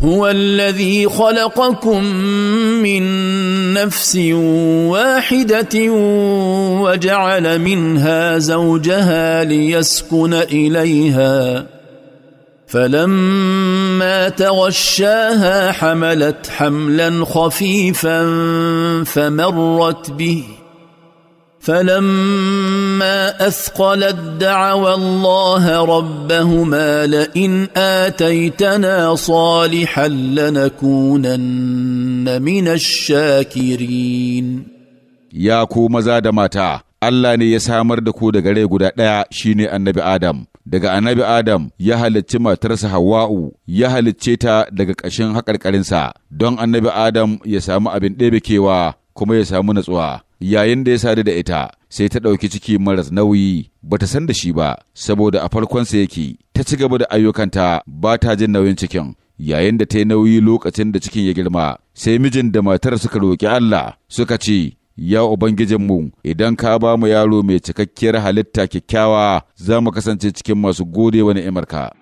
هو الذي خلقكم من نفس واحده وجعل منها زوجها ليسكن اليها فلما تغشاها حملت حملا خفيفا فمرت به فلما اثقلت دعوا الله ربهما tana اتيتنا صالحا لنكونن من الشاكرين يا كو maza da mata Allah ne ya samar da ku daga rai guda ɗaya shine annabi Adam daga annabi Adam ya halicci matarsa Hauwa'u, ya halicce ta daga ƙashin haƙarƙarinsa don annabi Adam ya samu abin ɗebe kewa kuma ya samu natsuwa yayin da ya sadu da ita sai ta ɗauki ciki maras nauyi ba ta san da shi ba saboda a farkonsa yake ta ci gaba da ayyukanta ba ta jin nauyin cikin yayin da ta yi nauyi lokacin da cikin ya girma sai mijin da matar suka roƙi Allah suka ce ya ubangijin mu idan ka ba mu yaro mai cikakkiyar halitta kyakkyawa za mu kasance cikin masu gode wa ni'imarka.